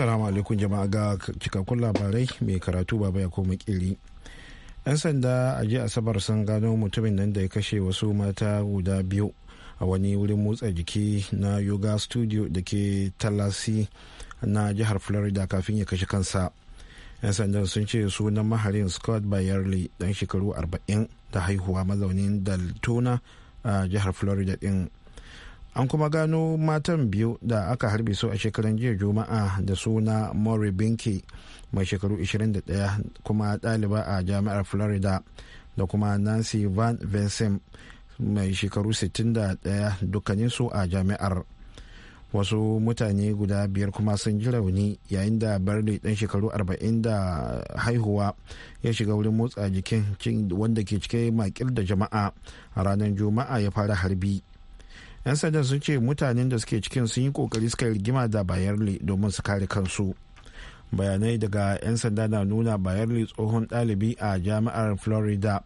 Assalamu alaikum jama'a ga cikakkun labarai mai karatu baba ya koma kiri. 'Yan sanda a jiya Asabar sun gano mutumin nan da ya kashe wasu mata guda biyu a wani wurin motsa jiki na yoga studio da ke talasi na jihar Florida kafin ya kashe kansa. 'Yan sandan sun ce sunan maharin Scott Bayerly dan shekaru 40 da haihuwa mazaunin Daltona a jihar Florida din. an kuma gano matan biyu da aka harbe su a shekaran jiya juma'a da suna mori binke mai shekaru 21 kuma ɗaliba a jami'ar florida da kuma nancy van vincent mai shekaru 61 dukkaninsu a jami'ar wasu mutane guda biyar kuma sun ji rauni yayin da barley dan shekaru 40 da haihuwa ya shiga wurin motsa jikin wanda ke cike makil da jama'a a ranar juma'a ya fara harbi 'yan sanda sun ce mutanen da suke cikin sun yi kokari suka yi rigima da bayarli domin su kare kansu bayanai daga 'yan sanda na nuna bayarli tsohon ɗalibi a jami'ar florida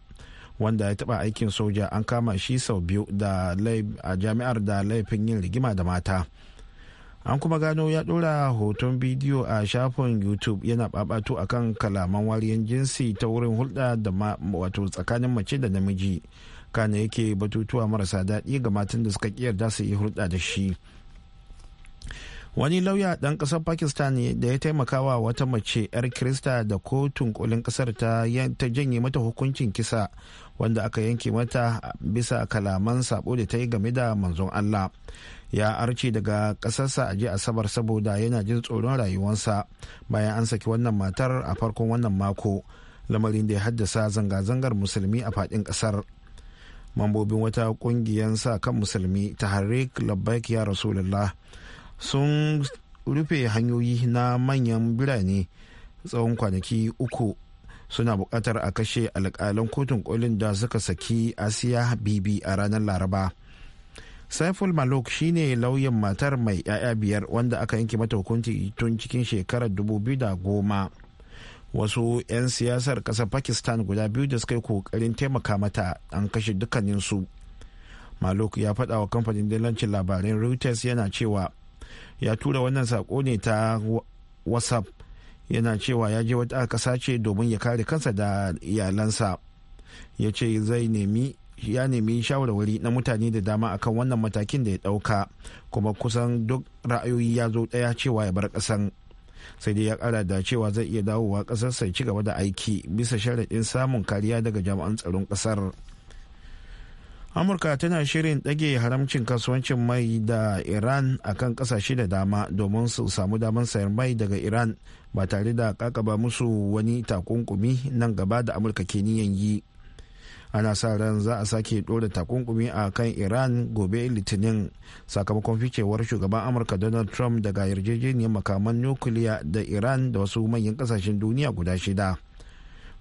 wanda ya taɓa aikin soja an kama shi sau biyu da a jami'ar da laifin yin rigima da mata an kuma gano ya ɗora hoton bidiyo a shafin youtube yana ɓaɓato akan kalaman wariyar jinsi ta wurin hulɗa da wato tsakanin mace da namiji. kana yake batutuwa marasa daɗi ga matan da suka yarda su yi hulɗa da shi wani lauya ɗan ƙasar pakistan da ya taimaka wa wata mace 'yar krista da kotun ƙolin ƙasar ta janye mata hukuncin kisa wanda aka yanke mata bisa kalaman sabo da ta yi game da manzon allah ya arce daga ƙasarsa a ji asabar saboda yana jin tsoron rayuwarsa bayan an saki wannan matar a farkon wannan mako lamarin da ya haddasa zanga-zangar musulmi a faɗin ƙasar mambobin wata kungiyar sa kan musulmi ta harik labbaik ya rasulullah sun rufe hanyoyi na manyan birane tsawon kwanaki uku suna buƙatar a kashe alƙalan kotun kolin da suka saki asiya bibi a ranar laraba saiful malok shine lauyan matar mai 'ya'ya biyar wanda aka yanke mata hukunci tun cikin shekarar 2010 wasu 'yan siyasar ƙasar pakistan guda biyu da suka yi kokarin taimaka mata an kashe dukkaninsu maluk ya faɗa wa kamfanin dillancin labarin reuters yana cewa ya tura wannan sako ne ta whatsapp yana cewa ya je wata ƙasa ce domin ya kare kansa da iyalansa ya ce zai nemi ya nemi shawarwari na mutane da dama akan wannan matakin da ya ɗauka kuma kusan duk ra'ayoyi ya zo ɗaya cewa ya bar ƙasan. sai dai ya kara da cewa zai iya dawowa kasarsa ci gaba da aiki bisa sharaɗin samun kariya daga jami'an tsaron kasar amurka tana shirin ɗage haramcin kasuwancin mai da iran a kan ƙasashe da dama domin su samu damar sayar mai daga iran ba tare da kakaba musu wani takunkumi nan gaba da amurka ke niyan yi ana sa ran za a sake ɗora takunkumi a kan iran gobe litinin sakamakon ficewar shugaban amurka donald trump daga yarjejeniyar makaman nukiliya da iran da wasu manyan kasashen duniya guda shida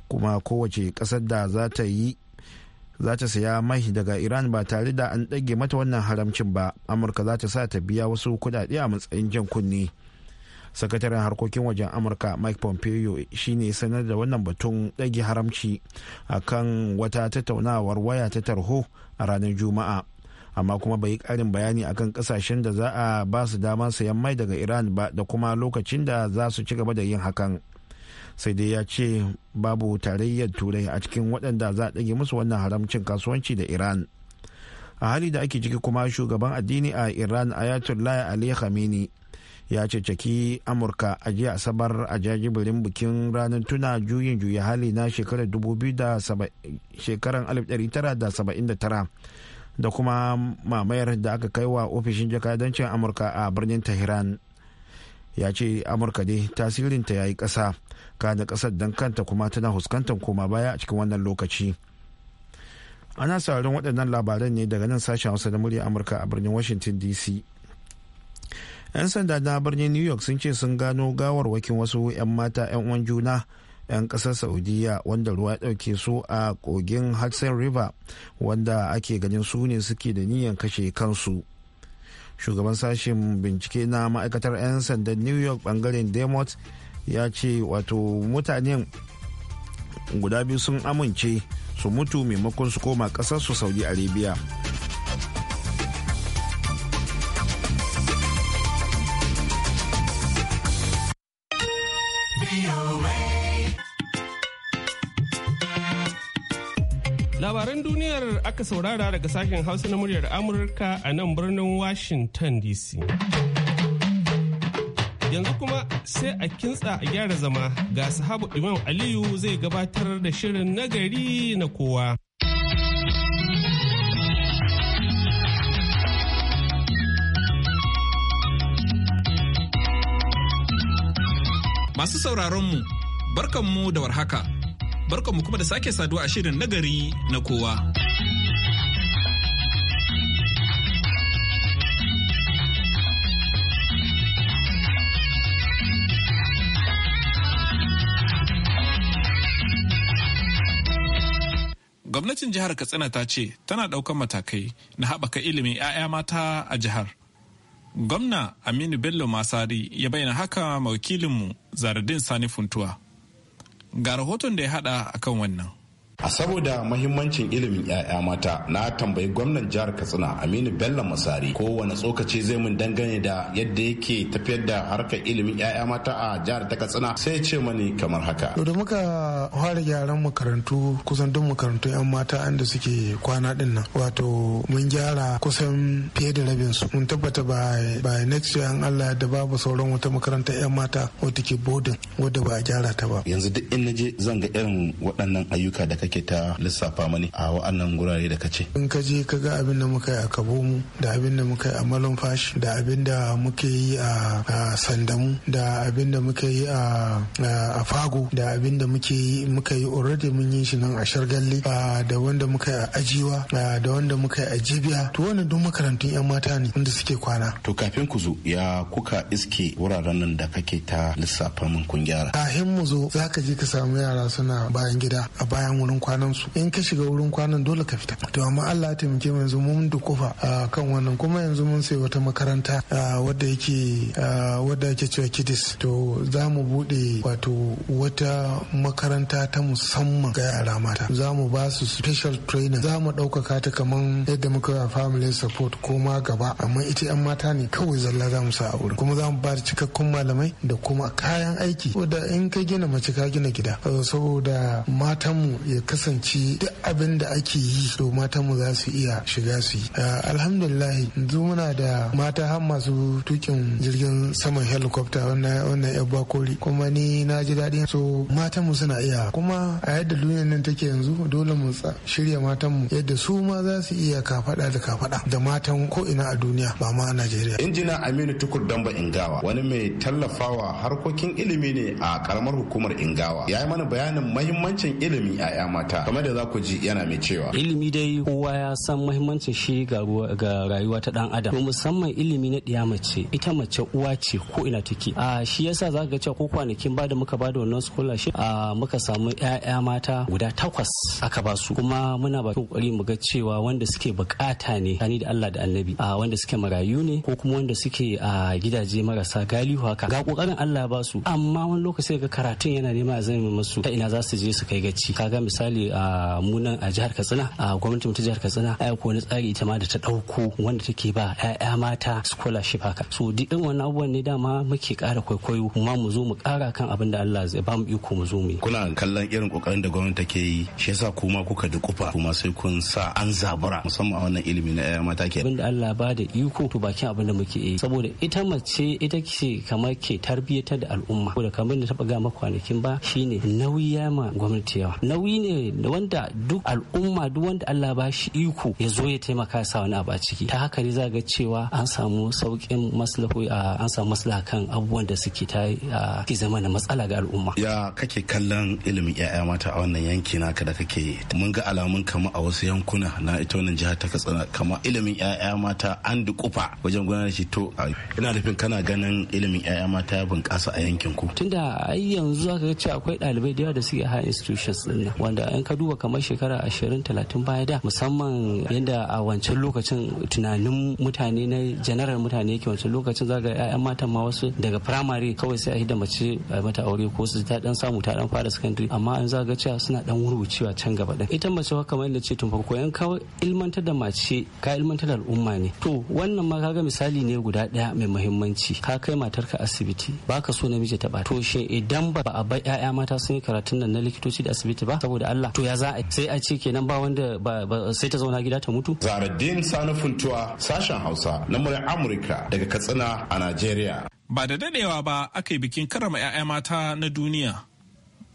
kuma kowace ƙasar da za ta yi za ta saya mai daga iran ba tare da an ɗage mata wannan haramcin ba amurka za ta sa ta biya wasu kudade a matsayin jan kunne sakataren harkokin wajen amurka mike pompeo shine sanar da wannan batun ɗage haramci a kan wata tattaunawar waya ta tarho a ranar juma'a amma kuma bai yi ƙarin bayani akan kasashen da za a ba su damar sayan mai daga iran ba da kuma lokacin da za su ci gaba da yin hakan sai dai ya ce babu tarayyar turai a cikin waɗanda za a ɗage musu wannan haramcin kasuwanci da iran a hali da ake ciki kuma shugaban addini a iran ayatollah ali khamenei ya ceceki amurka a jiya asabar a jajibirin bikin ranar tuna juyin juya hali na shekarar 1979 da kuma mamayar da aka kai wa ofishin jakadancin amurka a birnin tehran ya ce amurka dai tasirinta ya yi ƙasa kada ƙasar don kanta kuma tana huskantar koma baya a cikin wannan lokaci ana sauran waɗannan labaran ne daga nan sashen hausa da murya amurka a birnin washington dc 'yan sanda na birnin new york sun ce sun gano gawarwakin wasu 'yan mata 'yan uwan juna 'yan kasar saudiya wanda ruwa ya dauke su a kogin hudson river wanda ake ganin su ne suke da niyan kashe kansu shugaban sashen bincike na ma'aikatar 'yan sandan new york bangaren demot ya ce wato mutanen guda biyu sun amince su mutu maimakon su koma ƙasarsu saudi arabia zaka saurara daga sashen Hausa na muryar Amurka a nan birnin Washington DC. Yanzu kuma sai a kintsa a gyara zama ga sahabu Imam Aliyu zai gabatar da shirin nagari na kowa. Masu sauraronmu, barkanmu da warhaka. barkanmu kuma da sake saduwa a shirin nagari na kowa. gwamnatin jihar katsina ta ce tana ɗaukan matakai na haɓaka ilimin 'ya'ya mata a jihar gwamna aminu bello masari ya bayyana haka ma wakilinmu zaradin sani funtuwa ga rahoton da ya haɗa akan wannan a saboda mahimmancin ilimin 'ya'ya mata na tambayi gwamnan jihar katsina aminu bello masari kowane tsokaci zai mun dangane da yadda yake tafiyar da harkar ilimin 'ya'ya mata a jihar ta katsina sai ce mani kamar haka da muka fara gyaran makarantu kusan duk makarantu 'yan mata da suke kwana din nan wato mun gyara kusan fiye da rabin su mun tabbata ba next year an allah da babu sauran wata makaranta 'yan mata wata ke bodin wadda ba a gyara ta ba yanzu duk in na je zan ga irin waɗannan ayyuka da kake kake ta lissafa mani a wa'annan gurare da kace in ka je ka ga abin da muka yi a kabomu da abin da muka yi a malumfashi da abin da muke yi a sandamu da abin da muka yi a fago da abin da muke yi muka yi already mun yi shi nan a shargalle da wanda muka yi a ajiwa da wanda muka yi a jibiya to wannan duk makarantun yan mata ne wanda suke kwana to kafin ku zo ya kuka iske wuraren nan da kake ta lissafa mun kun gyara kafin mu zo zaka je ka samu yara suna bayan gida a bayan wurin wurin kwanan su in ka shiga wurin kwanan dole ka fita to amma Allah ya taimake mu yanzu mun da kofa kan wannan kuma yanzu mun sai wata makaranta wadda yake wadda yake cewa kidis to za mu bude wato wata makaranta ta musamman ga yara mata za mu ba su special training za mu ɗaukaka ta kaman yadda muka family support ko ma gaba amma ita yan mata ne kawai zalla za mu sa a wurin kuma za mu ba da cikakkun malamai da kuma kayan aiki wadda in ka gina mace ka gina gida saboda matanmu ya kasance duk abin da ake yi to mu za su iya shiga su yi ah, alhamdulillah yanzu muna da mata har masu tukin jirgin saman helicopter wannan yabba kori kuma ni na ji daɗi so matanmu suna iya kuma a yadda duniyar nan take yanzu dole mu shirya matanmu yadda su ma za su iya kafaɗa da kafaɗa da matan ko ina a duniya ba ma a najeriya injina aminu tukur damba ingawa wani mai tallafawa harkokin ilimi ne a karamar hukumar ingawa ya yi mana bayanin mahimmancin ilimi a mata kamar da za ku ji yana mai cewa ilimi dai kowa ya san muhimmancin shi ga rayuwa ta dan adam musamman ilimi na ɗiya mace ita mace uwa ce ko ina take a shi yasa za ga cewa ko kwanakin ba da muka ba da wannan scholarship a muka samu ƴaƴa mata guda takwas aka ba su kuma muna ba kokari mu ga cewa wanda suke bukata ne kani da Allah da Annabi a wanda suke marayu ne ko kuma wanda suke a gidaje marasa galihu haka ga kokarin Allah ya ba su amma wani lokaci ga karatun yana nema zai musu ta ina za su je su kai gaci kaga misali misali a munan a jihar katsina a gwamnatin ta jihar katsina a ko wani tsari ita ma da ta ɗauko wanda take ba 'ya'ya mata scholarship haka so duk irin wannan abubuwan ne dama muke kara kwaikwayo kuma mu zo mu kara kan abin da Allah zai ba mu iko mu zo mu kuna kallon irin kokarin da gwamnati take yi shi yasa kuma kuka dukufa kuma sai kun sa an zabura musamman a wannan ilimi na 'ya'ya mata ke abin da Allah ba da iko to bakin abin da muke yi saboda ita mace ita ce kamar ke tarbiyyatar da al'umma saboda kamar da taɓa ga kwanakin ba shine nauyi ya ma gwamnati yawa nauyi ne ne wanda duk al'umma duk wanda Allah ba shi iko ya zo ya taimaka sa wani abu a ciki ta haka ne za ga cewa an samu sauƙin maslahoyi an samu maslaha kan abubuwan da suke ta ke zama na matsala ga al'umma ya kake kallon ilimin ya'ya mata a wannan yanki naka da kake mun ga alamun kama a wasu yankuna na ita wannan jihar ta Katsina kama ilimin ya'ya mata an dukufa wajen gudanar shi to ina nufin kana ganin ilimin ya'ya mata ya bunƙasa a yankin ku tunda ai yanzu zaka ga cewa akwai ɗalibai da yawa da suke high institutions din wanda in ka duba kamar shekara ashirin talatin baya da musamman yadda a wancan lokacin tunanin mutane na janaral mutane yake wancan lokacin zaga 'ya'yan matan ma wasu daga firamare kawai sai a yi da mace a mata aure ko su ta dan samu ta dan fara sakandare amma an zaga cewa suna dan wurwucewa can gaba da ita mace kamar yadda ce tun farko yan ka ilmantar da mace ka ilmantar da al'umma ne to wannan ma kaga misali ne guda daya mai muhimmanci ka kai matarka asibiti baka so namiji ta ba to shin idan ba a bar 'ya'ya mata sun yi karatun nan na likitoci da asibiti ba saboda Allah to ya za a sai a ce kenan ba wanda sai ta zauna gida ta mutu Zaruddin Sani Funtuwa sashen Hausa na Amurka daga Katsina a Najeriya ba da dadewa ba aka yi bikin karrama 'ya'ya mata na duniya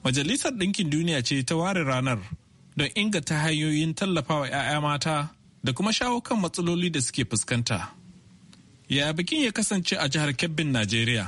Majalisar Ɗinkin Duniya ce ta ware ranar don inganta hanyoyin tallafawa 'ya'ya mata da kuma shawo kan matsaloli da suke fuskanta. Ya bikin ya kasance a jihar Kebbin, Najeriya.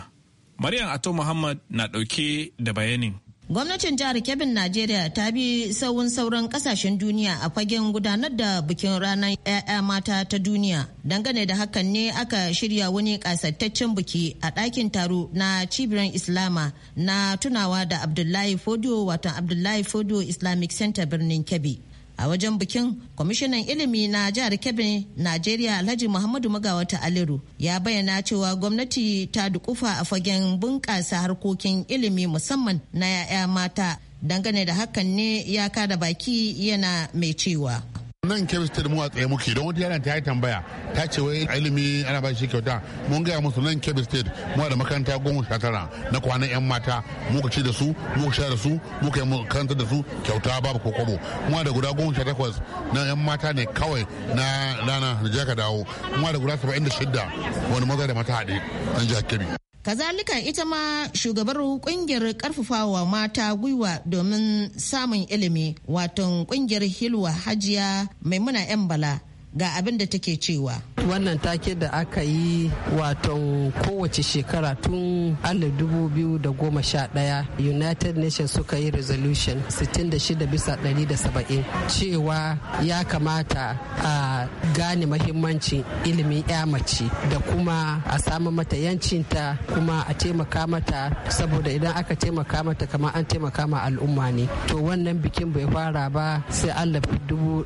Maryam Ato Muhammad na ɗauke da bayanin. Gwamnatin jihar kebbin Najeriya ta bi sauran sauran kasashen duniya a fagen gudanar da bikin ranar 'ya'ya mata ta duniya. Dangane da hakan ne aka shirya wani kasattaccen biki a ɗakin taro na cibiyar Islama na tunawa da Abdullahi Fodio watan Abdullahi Fodio Islamic Center birnin Kebbi. a wajen bikin kwamishinan ilimi na jihar kebbi najeriya alhaji muhammadu magawata aliru ya bayyana cewa gwamnati ta dukufa a fagen bunƙasa harkokin ilimi musamman na 'ya'ya mata dangane da hakan ne ya kada baki yana mai cewa nan kebistar mu a tsaye muke don wata yaran ta yi tambaya ta ce wai ilimi ana ba shi kyauta mun gaya musu nan kebistar mu da makaranta goma sha tara na kwanan yan mata muka ci da su muka sha da su muka yi makaranta da su kyauta babu ko kwabo mu da guda goma sha takwas na yan mata ne kawai na rana da jaka dawo mu da guda saba'in da shidda wani maza da mata haɗe an jihar kebbi. Kazalika ita ma shugabar kungiyar karfafawa mata gwiwa domin samun ilimi watan kungiyar Hilwa Hajiya Maimuna yan bala. ga abin da take cewa. Wannan take da aka yi wato kowace shekara tun 2011 United Nations suka yi resolution 66 bisa 170 cewa ya kamata a gane mahimmancin ilimin ya mace da kuma a samu mata yancinta kuma a taimaka mata saboda idan aka taimaka mata kamar an taimaka ma al'umma ne. To wannan bikin bai fara ba sai Allah biyu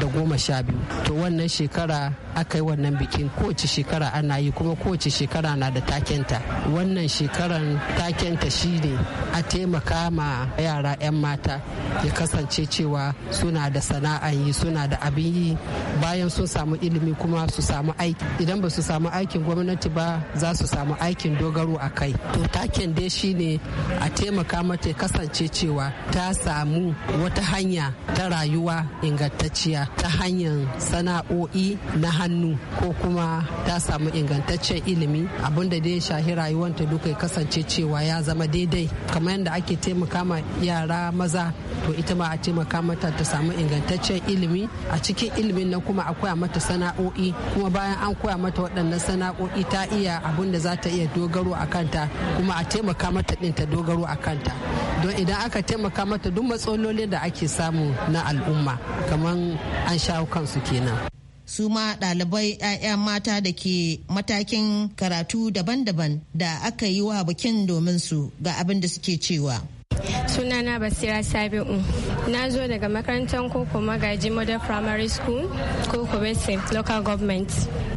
da goma sha to wannan shekara aka yi wannan bikin kowace shekara ana yi kuma kowace shekara na da takenta wannan shekaran takenta shine a taimaka ma yara 'yan mata ya kasance cewa suna da sana'a yi suna da abin yi bayan sun samu ilimi kuma su samu aiki idan ba su samu aikin gwamnati ba za su samu aikin dogaro a kai to taken dai shine a taimaka mata ya kasance cewa ta samu wata hanya ta rayuwa ingantacciya ta hanyar sana'o'i na hannu ko kuma ta samu ingantaccen ilimi abinda da ya shahi rayuwanta duka ya kasance cewa ya zama daidai kamar yadda ake taimaka ma yara maza to ita ma a taimaka mata ta samu ingantaccen ilimi a cikin ilimin nan kuma a koya mata sana'o'i kuma bayan an koya mata waɗannan sana'o'i ta iya abin da za ta iya dogaro a kanta kuma a taimaka mata ɗin ta dogaro a kanta don idan aka taimaka mata duk matsalolin da ake samu na al'umma kamar an shawo kansu kenan. su ma ɗalibai 'ya'ya mata da ke matakin karatu daban-daban da aka yi wa bikin domin su ga abin da suke cewa. sunana basira sabi'u na zo daga makarantar koko magaji model primary school koko wese local government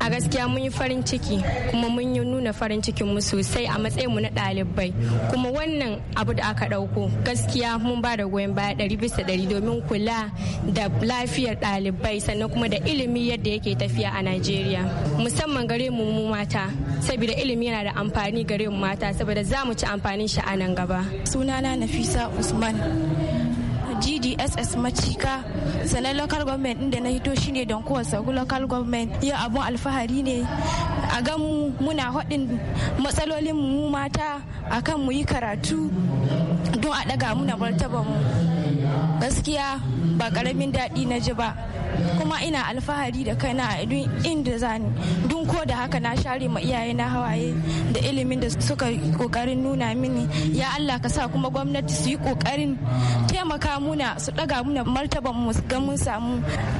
a gaskiya mun yi farin ciki kuma mun yi nuna farin cikin mu sosai a matsayin mu na ɗalibai kuma wannan abu da aka ɗauko gaskiya mun ba da goyon baya ɗari bisa ɗari domin kula da lafiyar ɗalibai sannan kuma da ilimi yadda yake tafiya a najeriya musamman gare mu mu mata saboda ilimi yana da amfani gare mu mata saboda za mu ci amfanin shi a nan gaba sunana Nafisa Usman. dss macika sannan local government din da na hito shine don kowace local government yau abun alfahari ne a gan mu muna haɗin matsalolin mu mata akan mu yi karatu don a daga muna martaban mu gaskiya ba karamin daɗi na ji ba kuma ina alfahari da kaina a inda zani dun ko da haka na share ma iyaye na hawaye da ilimin da suka kokarin nuna mini ya Allah ka sa kuma gwamnati su yi kokarin taimaka muna su daga muna martaban mu ga mun samu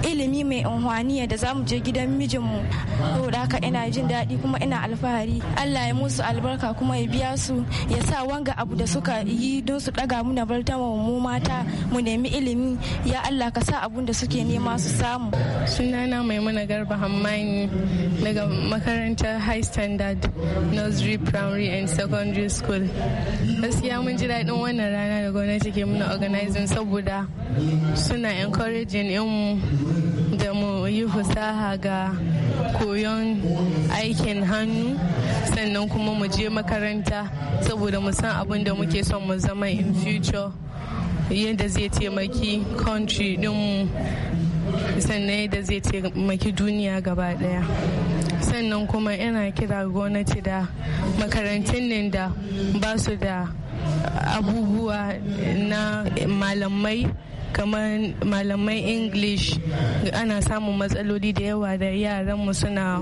ilimi mai unhwaniya da zamu je gidan mijin mu saboda haka ina jin daɗi kuma ina alfahari Allah ya musu albarka kuma ya biya su ya sa wanga abu da suka yi don su daga muna martaban mu mata mu nemi ilimi ya Allah ka sa abun da suke nema su samu sunana maimuna garba hammani daga makarantar high standard nursery primary and secondary school gaskiya mun ji daɗin wannan rana da gwamnati ke muna organizing saboda gida suna encouraging mu da mu yi fasaha ga koyon aikin hannu sannan kuma mu je makaranta saboda mu san abin da muke son mu zama in future yadda zai taimaki country dinmu sannan yadda zai taimaki duniya gaba daya sannan kuma yana kira gwamnati da makarantun nan da ba su da abubuwa na malamai kamar malamai english ana samun matsaloli da yawa da yaran mu suna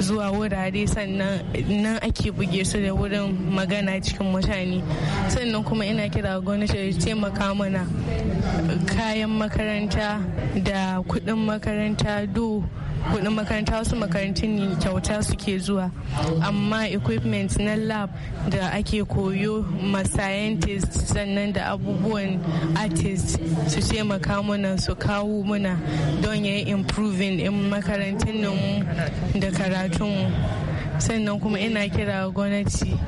zuwa wurare sannan nan ake buge su da wurin magana cikin mutane sannan kuma ina kira gwamnati da taimaka mana kayan makaranta da kuɗin makaranta do kuɗin makaranta wasu makarantun ne kyauta suke zuwa amma equipment na lab da ake koyo ma scientist sannan da abubuwan artist su taimaka makamuna su kawo muna don yayi improving in makarantun nan da karatun sannan kuma ina kira gwamnati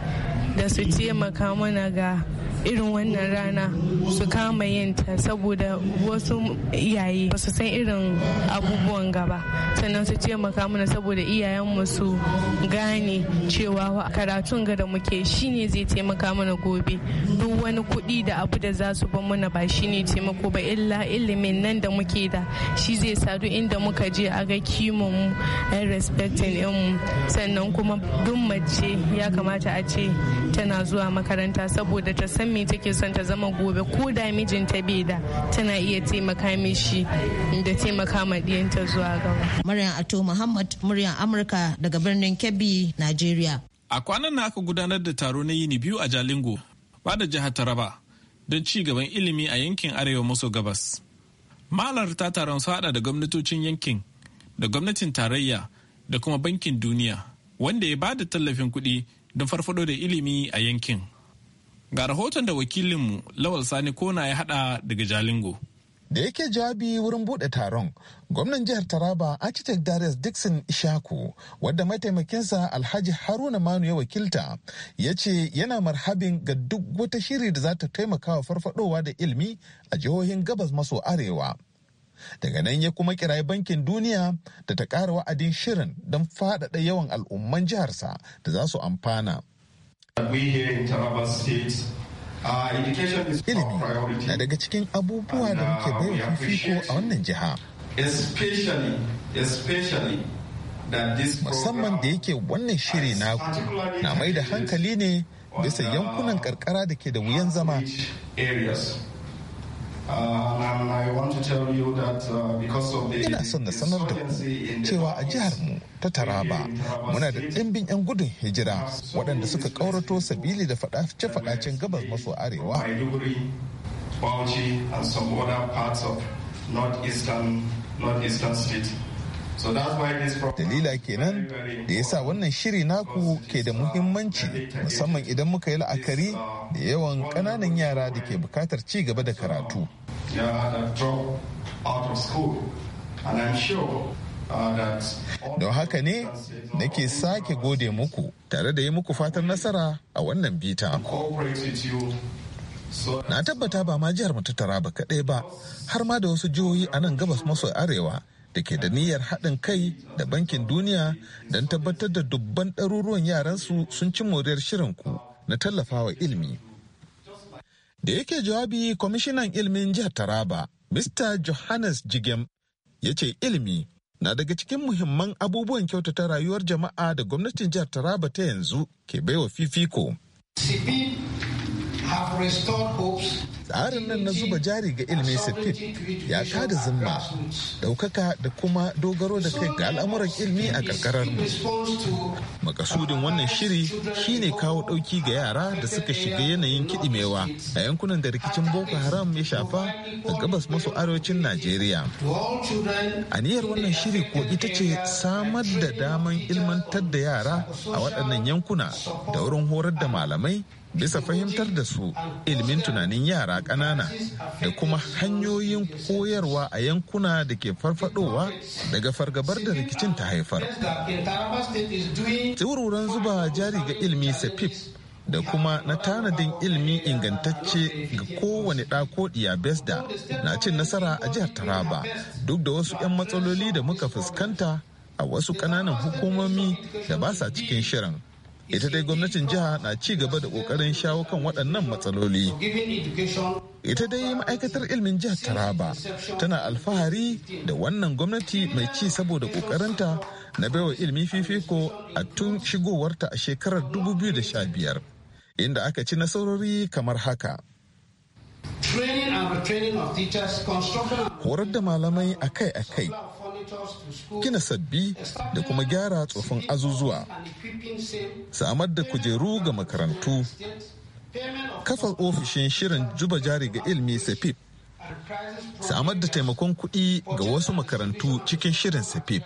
da su taimaka mana ga irin wannan rana su kama yin saboda wasu iyaye ba su san irin abubuwan gaba sannan su ce mana saboda iyayenmu su gane cewa karatun ga da muke shine zai taimaka mana gobe duk wani kuɗi da abu da za su ba mana ba shine taimako ba illa ilimin nan da muke da shi zai sadu inda muka je a ga kimon mu a respecting mu sannan kuma duk mace ya kamata a ce tana zuwa makaranta saboda ta san me take son ta zama gobe ko da mijinta bai da tana iya taimaka mishi da taimaka ma diyanta zuwa gaba. Maryam Ato Muhammad muryar Amurka daga birnin Kebbi, Najeriya. A kwanan na aka gudanar da taro na yini biyu a Jalingo, ba da jihar Taraba, don ci gaban ilimi a yankin Arewa maso gabas. Malar ta taron su da gwamnatocin yankin, da gwamnatin tarayya, da kuma bankin duniya, wanda ya ba da tallafin kuɗi don farfado da ilimi a yankin. Ga rahoton da wakilinmu Lawal Sani Kona ya hada daga Jalingo. Da yake jabi wurin bude taron, gwamnan jihar Taraba Architect Darius Dixon Ishaku, wadda mataimakinsa Alhaji Haruna Manu ya wakilta, ya ce yana marhabin ga duk wata shiri da za ta taimakawa wa farfadowa da ilmi a jihohin gabas maso arewa. daga nan ya kuma kirayi bankin duniya da ta ƙara wa'adin shirin don faɗaɗa yawan al'umman jiharsa da za su amfana. Ilimi na daga cikin abubuwa da muke uh, baiwa fifiko a wannan jiha. Musamman da yake wannan shiri na na mai da hankali ne bisa yankunan uh, karkara da ke da wuyan zama. Uh, uh, Ina son na sanar da ku cewa a jihar mu ta Taraba muna da ɗimbin 'yan gudun hijira uh, waɗanda suka ƙaurato sabili da faɗace-faɗacen gabas maso arewa. Bauchi and some other parts Dalila kenan da ya sa wannan shiri naku ke da muhimmanci uh, musamman idan muka yi la'akari uh, da yawan ƙananan yara da ke bukatar ci gaba da karatu. Uh, Don haka ne nake sake gode muku tare da yi muku fatan nasara a wannan bita. Na tabbata ba ma jihar mu ta Taraba kaɗai ba, har ma da wasu jihohi a nan gabas maso arewa. da ke da niyyar haɗin kai da bankin duniya don tabbatar da dubban ɗaruruwan yaransu sun ci moriyar shirinku na tallafawa ilmi. Da yake jawabi kwamishinan ilmin jihar Taraba, Mr. Johannes Jigem ya ce ilmi na daga cikin muhimman abubuwan kyautata rayuwar jama'a da gwamnatin jihar Taraba ta yanzu ke baiwa fifiko. tsarin nan na zuba jari ga ilimi sifit ya da zimma daukaka da kuma dogaro da kai ga al'amuran ilimi a karkarar mu makasudin wannan shiri shine kawo dauki ga yara da suka shiga yanayin kidimewa a yankunan da rikicin boko haram ya shafa a gabas maso arewacin najeriya aniyar wannan shiri ko ita ce samar da daman ilmantar da yara a waɗannan yankuna da wurin horar da malamai bisa fahimtar da su ilimin tunanin yara ƙanana da kuma hanyoyin koyarwa a yankuna da ke farfadowa daga fargabar da rikicin ta haifar. Tsiruran zuba jari ga ilimi sepip da kuma na tanadin ilimi ingantacce ga kowane ɗako ɗiya besda na cin nasara a jihar Taraba duk da wasu 'yan matsaloli da muka fuskanta a wasu ƙananan hukumomi da ba sa cikin shirin. ita dai gwamnatin jiha na ci gaba da kokarin shawo kan waɗannan matsaloli ita dai ma'aikatar ilimin jihar taraba tana alfahari da wannan gwamnati mai ci saboda kokarinta na baiwa ilimi fifiko a tun shigowarta a shekarar 2015 inda aka ci nasarori kamar haka horar da malamai akai-akai gina sabbi da kuma gyara tsofin azuzuwa samar da kujeru ga makarantu kafa ofishin shirin zuba jari ga ilmi sepip samar da taimakon kuɗi ga wasu makarantu cikin shirin sepip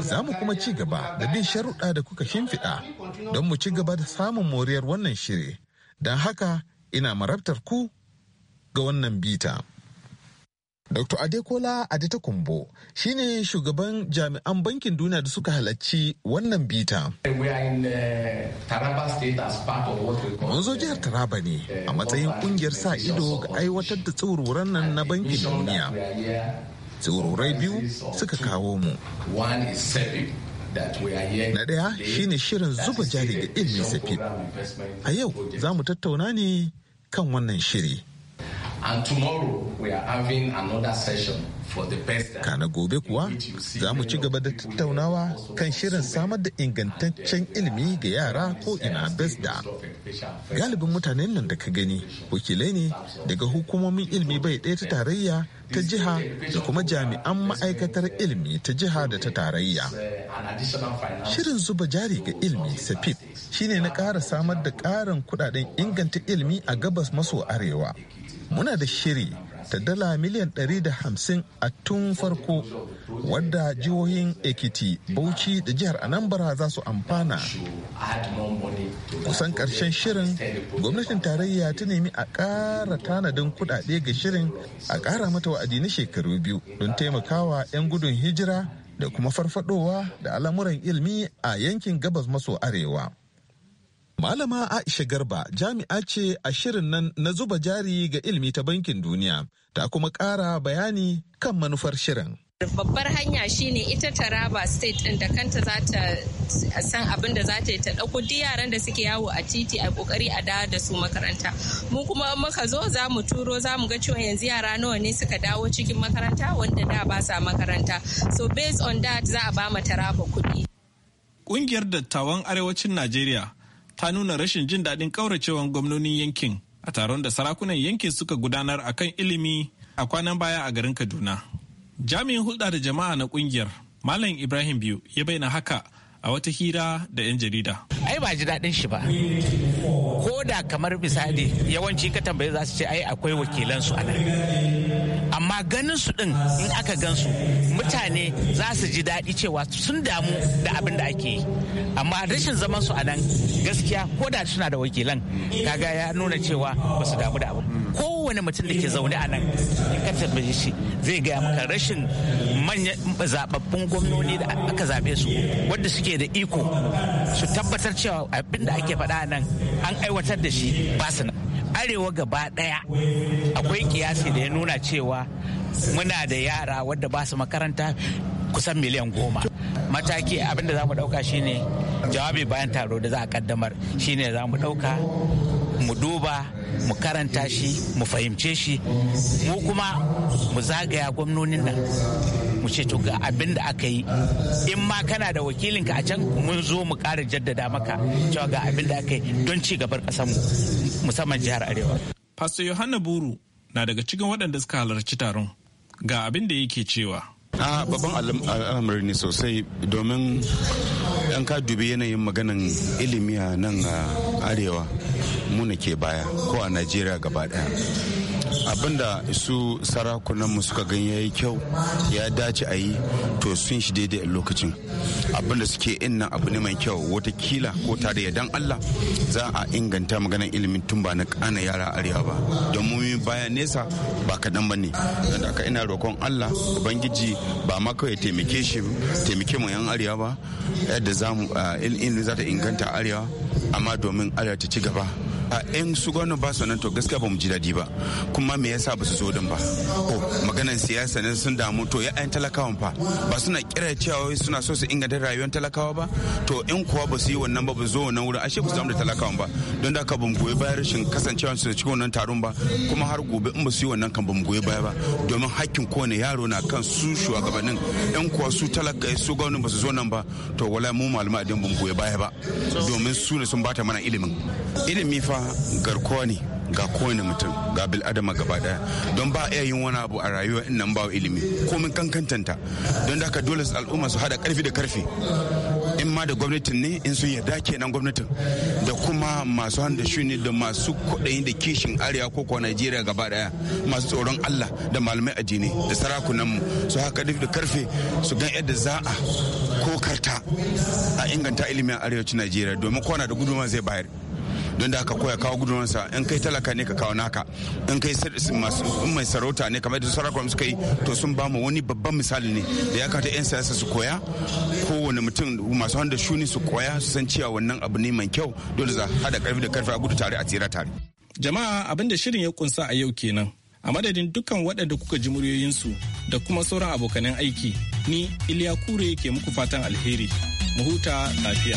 Za mu kuma ci gaba da bin sharuɗa da kuka shimfiɗa don mu ci gaba da samun moriyar wannan shiri. Don haka ina marabtar ku ga wannan bita. Dr. Adekola Adetokunbo ne shugaban jami'an bankin duniya da suka halarci wannan bita. Uh, Mun zo jihar Taraba ne a matsayin kungiyar sa ido ga aiwatar da tsauraran nan na bankin duniya. Tsaurorai biyu suka kawo mu. Na ɗaya shi ne shirin zuba jari ga ilmi safi. A yau za mu tattauna ne kan wannan shiri. And tomorrow we are having another session Kana gobe kuwa za mu ci gaba da tattaunawa kan shirin samar da ingantaccen ilimi ga yara ko ina besda. Galibin mutanen nan da ka gani wakilai ne daga hukumomin ilimi bai ɗaya ta tarayya ta jiha da kuma jami'an ma'aikatar ilimi ta jiha da ta tarayya. Uh, shirin zuba jari ga ilimi SAPIP shine na ƙara samar da ƙarin kuɗaɗen inganta ilimi a gabas maso arewa. muna da shiri ta dala miliyan 150 a tun farko wadda jihohin ekiti bauchi da jihar anambra za su amfana kusan karshen shirin gwamnatin tarayya ta nemi a ƙara tanadin kudade ga shirin a ƙara mata wa'adi na shekaru biyu don taimakawa 'yan gudun hijira da kuma farfadowa da al'amuran ilmi a yankin gabas maso arewa Malama Aisha Garba jami'a ce a shirin nan na zuba jari ga ilimi ta bankin duniya ta kuma ƙara bayani kan manufar shirin. babbar hanya shine ita taraba state ɗin da kanta za ta san abin da za ta yi ta ɗauko duk yaran da suke yawo a titi a ƙoƙari a dawo da su makaranta mu kuma muka zo za mu turo za mu ga cewa yanzu yara nawa ne suka dawo cikin makaranta wanda da ba sa makaranta so based on that za a ba ma taraba kuɗi ƙungiyar dattawan arewacin najeriya ta nuna rashin jin daɗin ƙauracewan gwamnonin yankin a taron da sarakunan yankin suka gudanar a kan ilimi a kwanan baya a garin Kaduna. Jami'in hulɗa da jama'a na ƙungiyar Malam Ibrahim Biyu ya bayyana haka a wata hira da 'yan jarida. ai ba ji daɗin shi ba ko da kamar misali yawanci ka tambaye za su ce ai akwai wakilansu a nan amma ganin su din in aka gan su mutane za su ji daɗi cewa sun damu da abin da ake yi amma rashin zaman su a nan gaskiya ko da suna da wakilan kaga ya nuna cewa ba su damu da abu kowane mutum da ke zaune a nan in ka tambaye shi zai gaya maka rashin manyan zababbun gwamnoni da aka zaɓe su wanda suke da iko su tabbatar cewa abin da ake faɗa nan an aiwatar da shi ba su arewa gaba ɗaya akwai kiyasi da ya nuna cewa muna da yara wadda ba su makaranta kusan miliyan goma mataki abin da za mu ɗauka shine jawabi bayan taro da za a kaddamar shine za mu ɗauka mu duba mu karanta shi mu fahimce shi mu kuma mu zagaya gwamnonin nan mu ce to ga abin da aka yi in ma kana da wakilinka a can mun zo mu ƙara jaddada maka cewa ga abin da aka yi don ci gabar mu musamman jihar arewa pastor yohanna buru na daga cikin waɗanda suka halarci taron ga abin da yake cewa a babban al'amari ne sosai domin an ka dubi yanayin maganan ilimi a nan a arewa muna ke baya ko a najeriya gaba daya abinda su mu suka gan yayi kyau ya dace a yi to sun shi daidai a lokacin abinda suke nan abu ne mai kyau watakila ko ta da yadan Allah za a inganta maganar ilimin tun ba na kana yara arewa ba don mummi baya nesa ba kaɗan ba ne don haka ina roƙon Allah ubangiji ba ma kawai taimake shi taimake mu yan arewa ba yadda za mu ah, ilimin za ta inganta arewa amma domin arewa ta ci gaba a in su gano ba su nan to gaskiya ba mu ji daɗi ba kuma me yasa ba su zo din ba ko maganan siyasa ne sun damu to ya ayan talakawan fa ba suna kira cewa suna so su inganta rayuwar talakawa ba to in kuwa ba su yi wannan ba ba zo wannan wurin ashe ba su damu da talakawan ba don da ka ba mu goyi baya rashin kasancewa su cikin wannan taron ba kuma har gobe in ba su yi wannan kan ba mu goyi baya ba domin hakkin kowane yaro na kan su shugabannin yan kuwa su talaka su gano ba su zo nan ba to wala mu malama adin ba mu goyi baya ba domin su ne sun bata mana ilimin ilimi fa garkuwa ne ga kowane mutum ga bil'adama gaba daya don ba iya yin wani abu a rayuwa in nan ba ilimi komin kankantanta don da haka dole al'umma su hada karfi da karfi in ma da gwamnatin ne in sun yarda kenan gwamnatin da kuma masu handa shuni da masu kudayin da kishin arewa ko kuwa najeriya gaba daya masu tsoron allah da malamai addini da sarakunanmu su haka da karfe su gan yadda za a kokarta a inganta ilimin arewacin najeriya domin kwana da guduma zai bayar don da aka koya kawo gudunansa in kai talaka ne ka kawo naka in kai masu mai sarauta ne kamar da sarakon suka yi to sun ba mu wani babban misali ne da ya kata 'yan siyasa su koya kowane mutum masu wanda shuni su koya su san cewa wannan abu ne mai kyau dole za hada karfi da karfi a gudu tare a tsira tare jama'a abin da shirin ya kunsa a yau kenan a madadin dukkan waɗanda kuka ji muryoyinsu da kuma sauran abokanan aiki ni iliya kure ke muku fatan alheri mu huta lafiya.